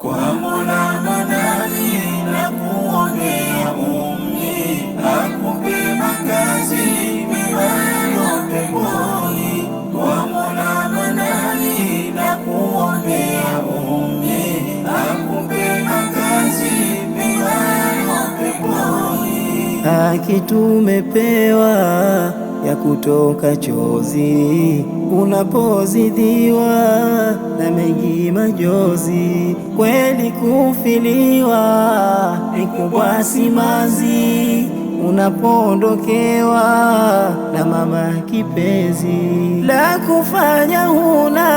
kwa now. haki tumepewa ya kutoka chozi unapozidiwa na mengi majozi, kweli kufiliwa ni kubwa simanzi unapondokewa na mama kipenzi, la kufanya huna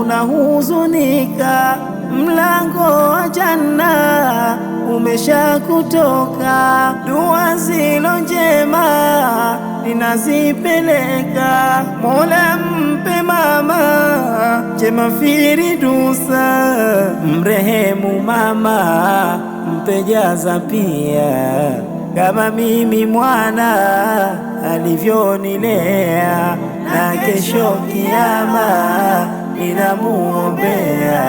unahuzunika, mlango wa janna umesha kutoka, dua zilo njema ninazipeleka. Mola mpe mama jema firidusa, mrehemu mama mpejaza pia, kama mimi mwana alivyonilea, na kesho kiama ninamuombea.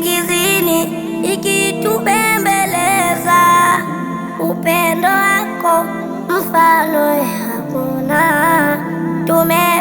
kisingizini ikitubembeleza, upendo wako mfano hakuna tume